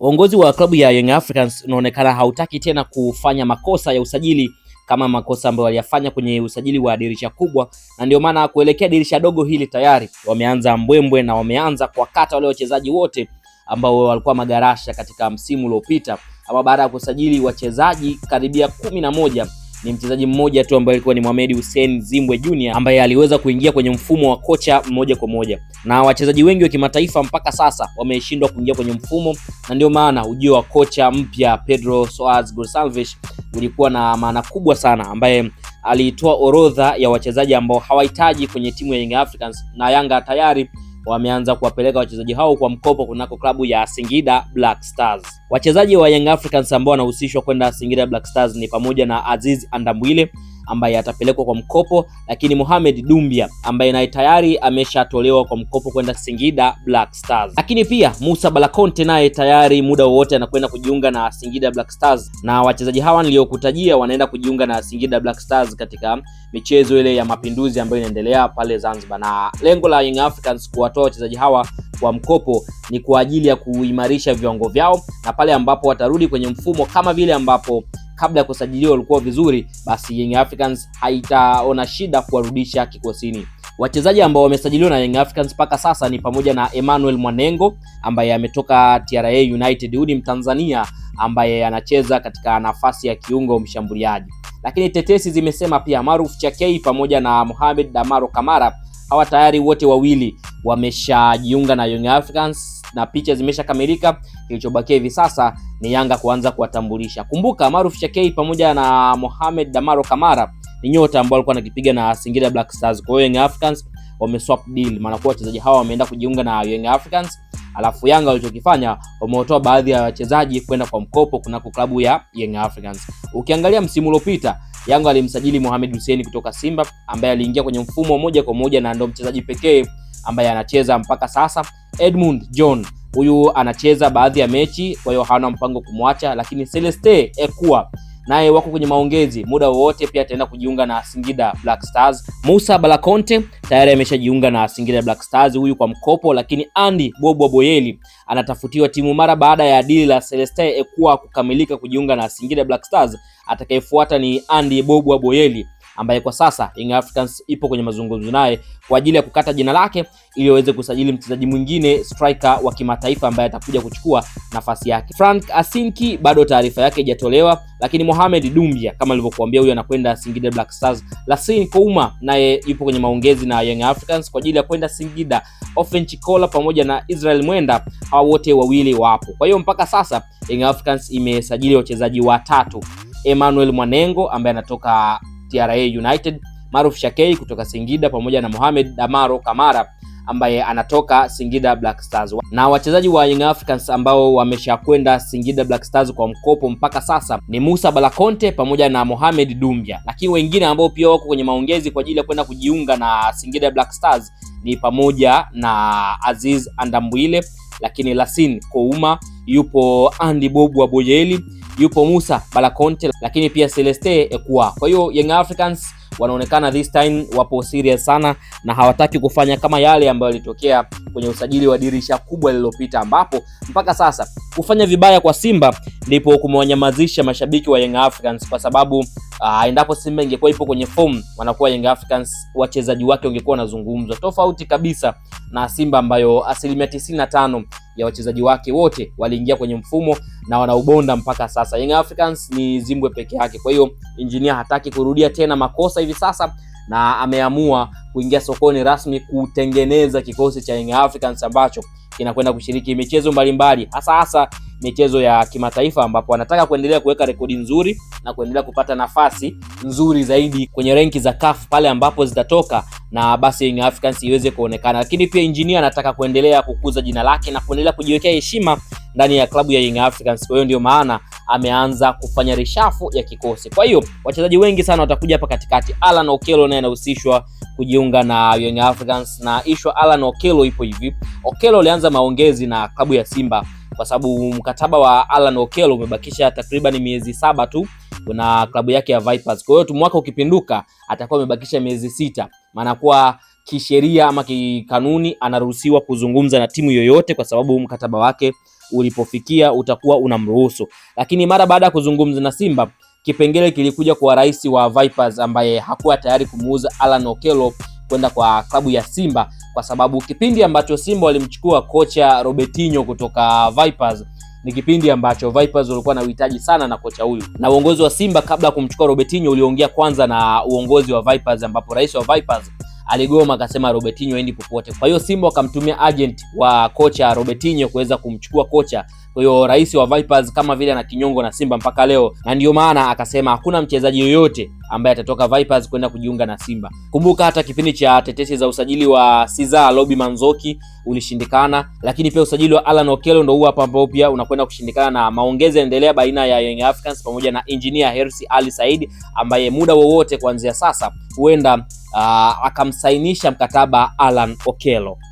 Uongozi wa klabu ya Young Africans unaonekana hautaki tena kufanya makosa ya usajili kama makosa ambayo waliyafanya kwenye usajili wa dirisha kubwa, na ndio maana kuelekea dirisha dogo hili tayari wameanza mbwembwe na wameanza kuwakata wale wachezaji wote ambao walikuwa magarasha katika msimu uliopita, ama baada ya kusajili wachezaji karibia kumi na moja ni mchezaji mmoja tu ambaye alikuwa ni Mohamed Hussein Zimbwe Junior ambaye aliweza kuingia kwenye mfumo wa kocha moja kwa moja, na wachezaji wengi wa kimataifa mpaka sasa wameshindwa kuingia kwenye mfumo, na ndio maana ujio wa kocha mpya Pedro Soares Goncalves ulikuwa na maana kubwa sana, ambaye alitoa orodha ya wachezaji ambao hawahitaji kwenye timu ya Young Africans na Yanga tayari wameanza kuwapeleka wachezaji hao kwa mkopo kunako klabu ya Singida Black Stars. Wachezaji wa Young Africans ambao wanahusishwa kwenda Singida Black Stars ni pamoja na Aziz Andambwile ambaye atapelekwa kwa mkopo, lakini Mohamed Dumbia ambaye naye tayari ameshatolewa kwa mkopo kwenda Singida Black Stars. Lakini pia Musa Balakonte naye tayari muda wowote anakwenda kujiunga na Singida Black Stars, na wachezaji hawa niliyokutajia wanaenda kujiunga na Singida Black Stars katika michezo ile ya mapinduzi ambayo inaendelea pale Zanzibar, na lengo la Young Africans kuwatoa wachezaji hawa kwa mkopo ni kwa ajili ya kuimarisha viwango vyao na pale ambapo watarudi kwenye mfumo kama vile ambapo kabla ya kusajiliwa walikuwa vizuri, basi Young Africans haitaona shida kuwarudisha kikosini. Wachezaji ambao wamesajiliwa na Young Africans mpaka sasa ni pamoja na Emmanuel Mwanengo ambaye ametoka TRA United. Huyu ni Mtanzania ambaye anacheza katika nafasi ya kiungo mshambuliaji, lakini tetesi zimesema pia Maruf Chakei pamoja na Mohamed Damaro Kamara hawa tayari wote wawili wameshajiunga na Young Africans na picha zimeshakamilika. Kilichobakia hivi sasa ni Yanga kuanza kuwatambulisha. Kumbuka Maruf Chakei pamoja na Mohamed Damaro Kamara ni nyota ambao walikuwa wanakipiga na Singida Black Stars. Kwa hiyo Young Africans wameswap deal, maana kwa wachezaji hawa wameenda kujiunga na Young Africans, alafu Yanga walichokifanya wameotoa baadhi ya wachezaji kwenda kwa mkopo kunako klabu ya Young Africans. Ukiangalia msimu uliopita Yanga alimsajili Mohamed Hussein kutoka Simba ambaye aliingia kwenye mfumo moja kwa moja na ndio mchezaji pekee ambaye anacheza mpaka sasa Edmund John huyu anacheza baadhi ya mechi, kwa hiyo hawana mpango kumwacha, lakini Celeste Ekua naye wako kwenye maongezi muda wowote, pia ataenda kujiunga na Singida Black Stars. Musa Balakonte tayari ameshajiunga na Singida Black Stars, huyu kwa mkopo, lakini Andy Bobwa Boyeli anatafutiwa timu mara baada ya dili la Celeste Ekua kukamilika kujiunga na Singida Black Stars. Atakayefuata ni Andy Bobo Boyeli ambaye kwa sasa Young Africans ipo kwenye mazungumzo naye kwa ajili ya kukata jina lake ili waweze kusajili mchezaji mwingine striker wa kimataifa ambaye atakuja kuchukua nafasi yake. Frank Asinki bado taarifa yake haijatolewa, lakini Mohamed Dumbia kama alivyokuambia, huyo anakwenda Singida Black Stars. Lassine Kouma naye yupo kwenye maongezi na Young Africans kwa ajili ya kwenda Singida. Ofen Chikola pamoja na Israel Mwenda, hawa wote wawili wapo. Kwa hiyo mpaka sasa Young Africans imesajili wachezaji watatu: Emmanuel Mwanengo ambaye anatoka TRA United, Maruf Shakei kutoka Singida pamoja na Mohamed damaro Kamara ambaye anatoka Singida Black Stars na wachezaji wa Young Africans ambao wameshakwenda Singida Black Stars kwa mkopo mpaka sasa ni Musa Balakonte pamoja na Mohamed Dumbia, lakini wengine ambao pia wako kwenye maongezi kwa ajili ya kwenda kujiunga na Singida Black Stars ni pamoja na Aziz Andambwile, lakini Lasin Kouma, yupo Andy Bobu wa Boyeli yupo Musa Balakonte, lakini pia Celeste Ekua. Kwa hiyo Young Africans wanaonekana this time wapo serious sana na hawataki kufanya kama yale ambayo yalitokea kwenye usajili wa dirisha kubwa lililopita, ambapo mpaka sasa kufanya vibaya kwa Simba ndipo kumewanyamazisha mashabiki wa Young Africans, kwa sababu uh, endapo Simba ingekuwa ipo kwenye form, wanakuwa Young Africans wachezaji wake wangekuwa wanazungumzwa tofauti kabisa na Simba ambayo asilimia 95 ya wachezaji wake wote waliingia kwenye mfumo na wanaubonda mpaka sasa. Young Africans ni Zimbwe peke yake. Kwa hiyo Engineer hataki kurudia tena makosa hivi sasa na ameamua kuingia sokoni rasmi kutengeneza kikosi cha Young Africans ambacho kinakwenda kushiriki michezo mbalimbali hasa hasa michezo ya kimataifa, ambapo anataka kuendelea kuweka rekodi nzuri na kuendelea kupata nafasi nzuri zaidi kwenye renki za CAF pale ambapo zitatoka, na basi Young Africans iweze kuonekana. Lakini pia injinia anataka kuendelea kukuza jina lake na kuendelea kujiwekea heshima ndani ya klabu ya Young Africans. Kwa hiyo ndio maana ameanza kufanya reshafu ya kikosi. Kwa hiyo wachezaji wengi sana watakuja hapa katikati. Alan Okello naye anahusishwa kujiunga na Young Africans, na ishwa Alan Okello ipo hivi. Okello alianza maongezi na klabu ya Simba kwa sababu mkataba wa Alan Okello umebakisha takriban miezi saba tu na klabu yake ya Vipers. Kwa hiyo tu mwaka ukipinduka atakuwa amebakisha miezi sita, maana kuwa kisheria ama kikanuni anaruhusiwa kuzungumza na timu yoyote kwa sababu mkataba wake ulipofikia utakuwa unamruhusu. Lakini mara baada ya kuzungumza na Simba, kipengele kilikuja kwa rais wa Vipers ambaye hakuwa tayari kumuuza Alan Okello kwenda kwa klabu ya Simba kwa sababu kipindi ambacho Simba walimchukua kocha Robertinho kutoka Vipers ni kipindi ambacho Vipers walikuwa na uhitaji sana na kocha huyu, na uongozi wa Simba kabla ya kumchukua Robertinho uliongea kwanza na uongozi wa Vipers, ambapo rais wa Vipers aligoma akasema Robertinho aendi popote. Kwa hiyo Simba wakamtumia agent wa kocha Robertinho kuweza kumchukua kocha. Kwa hiyo rais wa Vipers kama vile ana kinyongo na Simba mpaka leo, na ndio maana akasema hakuna mchezaji yoyote ambaye atatoka Vipers kwenda kujiunga na Simba. Kumbuka hata kipindi cha tetesi za usajili wa Siza Lobi Manzoki ulishindikana, lakini pia usajili wa Alan Okello ndio hapa ambao pia unakwenda kushindikana, na maongezi yanaendelea baina ya Young Africans pamoja na engineer Hersi Ali Said ambaye muda wowote kuanzia sasa huenda uh, akamsainisha mkataba Alan Okello.